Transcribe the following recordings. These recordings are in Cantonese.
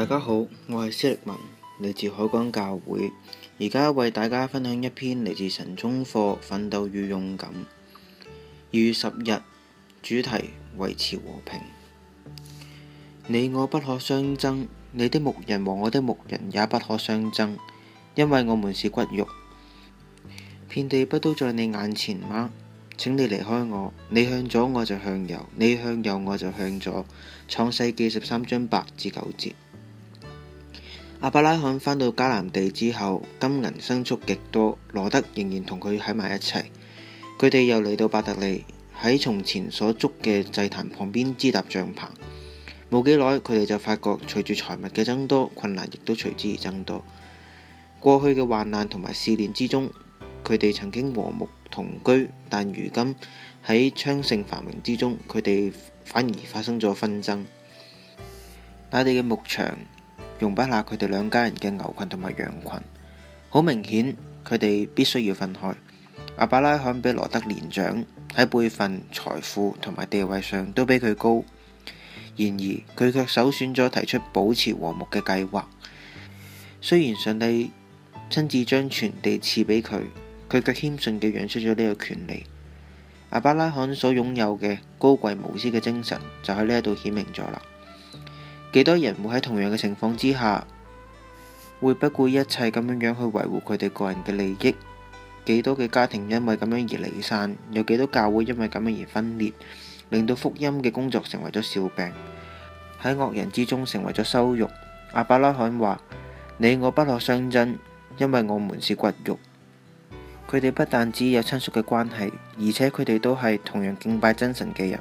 大家好，我係薛力文，嚟自海港教會，而家為大家分享一篇嚟自神中課《奮鬥與勇敢》二月十日主題維持和平。你我不可相爭，你的牧人和我的牧人也不可相爭，因為我們是骨肉。遍地不都在你眼前嗎？請你離開我，你向左我就向右，你向右我就向左。創世記十三章八至九節。阿伯拉罕返到迦南地之後，金銀牲畜極多，羅得仍然同佢喺埋一齊。佢哋又嚟到伯特利，喺從前所築嘅祭壇旁邊支搭帳篷。冇幾耐，佢哋就發覺隨住財物嘅增多，困難亦都隨之而增多。過去嘅患難同埋試煉之中，佢哋曾經和睦同居，但如今喺昌盛繁榮之中，佢哋反而發生咗紛爭。大地嘅牧場，容不下佢哋兩家人嘅牛群同埋羊群，好明顯，佢哋必須要分開。亞伯拉罕比羅得年長，喺輩分、財富同埋地位上都比佢高，然而佢卻首選咗提出保持和睦嘅計劃。雖然上帝親自將全地賜俾佢，佢卻謙遜嘅養出咗呢個權利。亞伯拉罕所擁有嘅高貴無私嘅精神就喺呢一度顯明咗啦。幾多人會喺同樣嘅情況之下，會不顧一切咁樣樣去維護佢哋個人嘅利益？幾多嘅家庭因為咁樣而離散，有幾多教會因為咁樣而分裂，令到福音嘅工作成為咗笑柄，喺惡人之中成為咗羞辱。阿巴拉罕話：你我不可相爭，因為我們是骨肉。佢哋不但只有親屬嘅關係，而且佢哋都係同樣敬拜真神嘅人。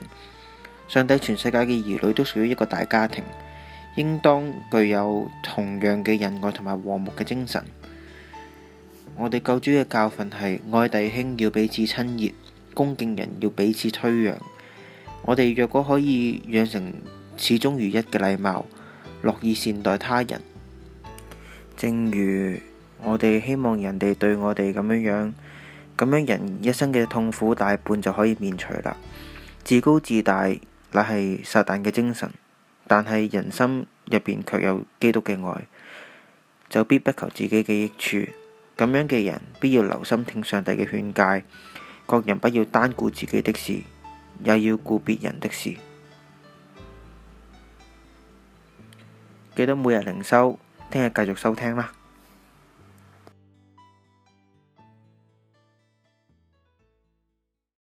上帝全世界嘅兒女都屬於一個大家庭。應當具有同樣嘅仁愛同埋和睦嘅精神。我哋救主嘅教訓係愛弟兄要彼此親熱，恭敬人要彼此推讓。我哋若果可以養成始終如一嘅禮貌，樂意善待他人，正如我哋希望人哋對我哋咁樣樣，咁樣人一生嘅痛苦大半就可以免除啦。自高自大乃係撒旦嘅精神。但係人心入邊卻有基督嘅愛，就必不求自己嘅益處。咁樣嘅人，必要留心聽上帝嘅勸誡，各人不要單顧自己的事，也要顧別人的事。記得每日靈修，聽日繼續收聽啦。